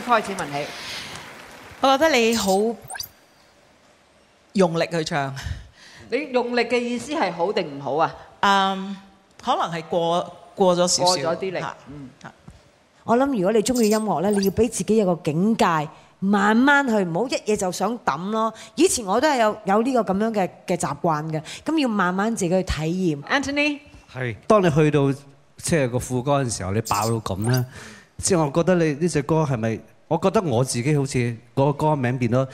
開始問你，我覺得你好用力去唱，你用力嘅意思係好定唔好啊？嗯，可能係過過咗少少，過咗啲力。嗯，我諗如果你中意音樂咧，你要俾自己一個境界，慢慢去，唔好一嘢就想抌咯。以前我都係有有呢個咁樣嘅嘅習慣嘅，咁要慢慢自己去體驗。Anthony，係，當你去到即係個副歌嘅時候，你爆到咁啦。即係我覺得你呢隻歌係咪？我覺得我自己好似嗰個歌名變咗，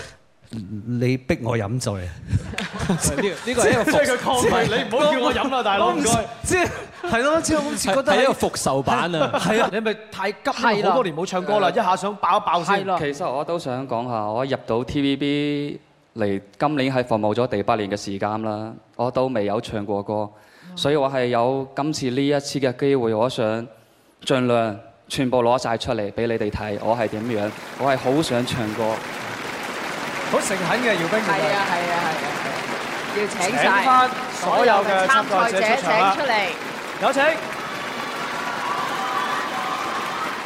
你逼我飲醉。呢個呢個係一個抗拒，你唔好叫我飲啦，大佬，唔該。即係係咯，即係好似覺得係一個復仇版啊。係啊，你咪太急啦！好多年冇唱歌啦，一下想爆一爆先。係啦。其實我都想講下，我入到 TVB 嚟今年係服務咗第八年嘅時間啦。我都未有唱過歌，所以我係有今次呢一次嘅機會，我想盡量。全部攞曬出嚟俾你哋睇，我係點樣？我係好想唱歌，好誠懇嘅姚兵。係啊係啊係啊！要請曬。請翻所有嘅參賽者請出嚟。有請。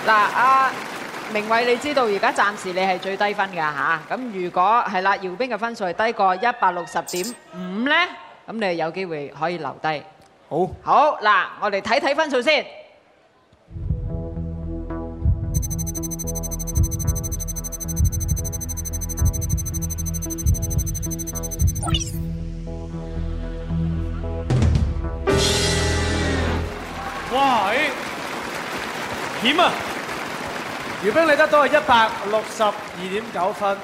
嗱，阿明偉，你知道而家暫時你係最低分㗎吓，咁如果係啦，姚兵嘅分數係低過一百六十點五咧，咁你有機會可以留低。好。好，嗱，我哋睇睇分數先。點啊！姚兵，你得到一百六十二點九分，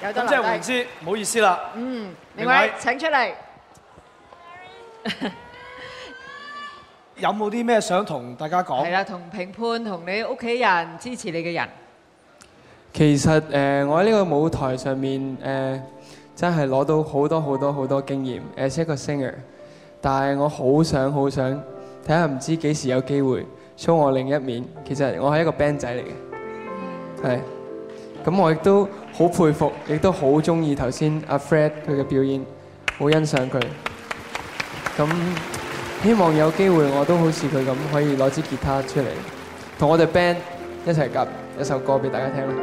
咁即係唔知，唔好意思啦。嗯，明偉請出嚟，有冇啲咩想同大家講？係啦，同評判、同你屋企人、支持你嘅人。其實誒，我喺呢個舞台上面誒，真係攞到好多好多好多經驗。誒，係一個 singer，但係我好想好想睇下，唔知幾時有機會。show 我另一面，其實我係一個 band 仔嚟嘅，係，咁我亦都好佩服，亦都好鍾意頭先阿 Fred 佢嘅表演，好欣賞佢，咁希望有機會我都好似佢咁，可以攞支結他出嚟，同我哋 band 一齊夾一首歌俾大家聽啦。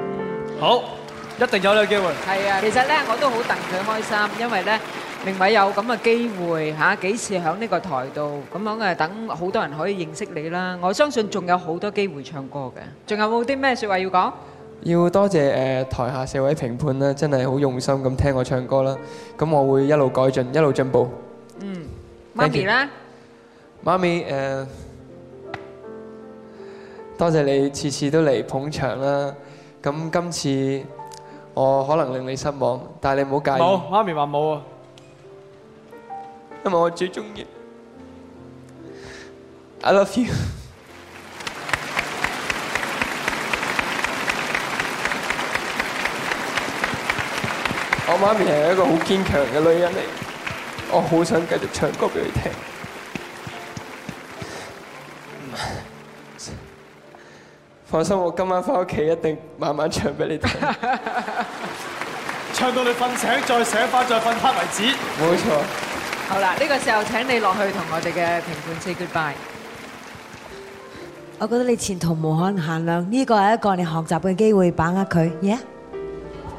好，一定有呢個機會。係啊，其實咧我都好戥佢開心，因為咧，命運有咁嘅機會，嚇幾次喺呢個台度咁樣嘅等，好多人可以認識你啦。我相信仲有好多機會唱歌嘅。仲有冇啲咩説話要講？要多謝誒台下四位評判啦，真係好用心咁聽我唱歌啦。咁我會一路改進，一路進步。嗯，媽咪啦，媽咪誒，多謝你次次都嚟捧場啦。咁今次我可能令你失望，但係你唔好介意。冇，媽咪話冇啊。因為我最中意，I love you。我媽咪係一個好堅強嘅女人嚟，我好想繼續唱歌俾你聽。放心，我今晚翻屋企一定慢慢唱俾你聽，唱到你瞓醒再醒翻再瞓翻為止。冇錯。好啦，呢個時候請你落去同我哋嘅評判 say goodbye。我覺得你前途無可限量，呢個係一個你學習嘅機會，把握佢。耶！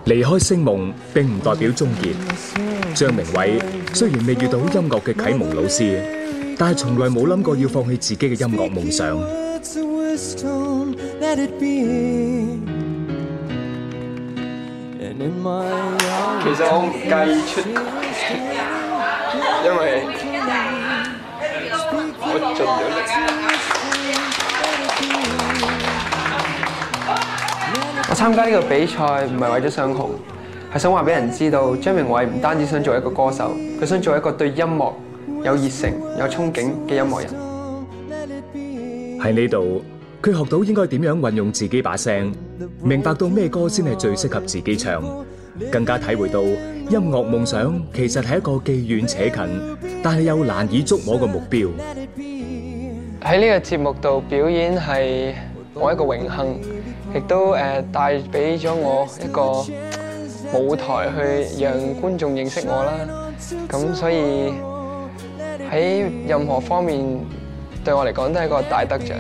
離開星夢，並唔代表終結。張明偉雖然未遇到音樂嘅啟蒙老師，但係從來冇諗過要放棄自己嘅音樂夢想。其實我介意出。因為我盡全力。我參加呢個比賽唔係為咗想紅，係想話俾人知道張明偉唔單止想做一個歌手，佢想做一個對音樂有熱誠、有憧憬嘅音樂人。喺呢度，佢學到應該點樣運用自己把聲，明白到咩歌先係最適合自己唱，更加體會到。音樂夢想其實係一個既遠且近，但係又難以捉摸嘅目標。喺呢個節目度表演係我一個榮幸，亦都誒，帶俾咗我一個舞台去讓觀眾認識我啦。咁所以喺任何方面對我嚟講都係一個大得着。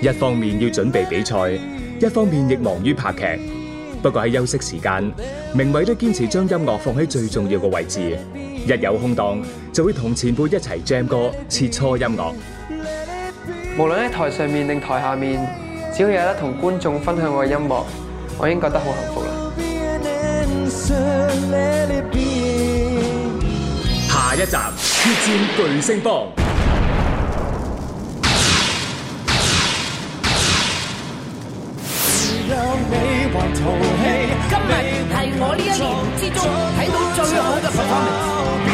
一方面要準備比賽，一方面亦忙於拍劇。不過喺休息時間，明偉都堅持將音樂放喺最重要嘅位置。一有空檔，就會同前輩一齊 jam 歌，切磋音樂。無論喺台上面定台下面，只要有得同觀眾分享我嘅音樂，我已經覺得好幸福啦。下一集決戰巨星幫。 嗯、今日係我呢一年之中睇到最好嘅十三。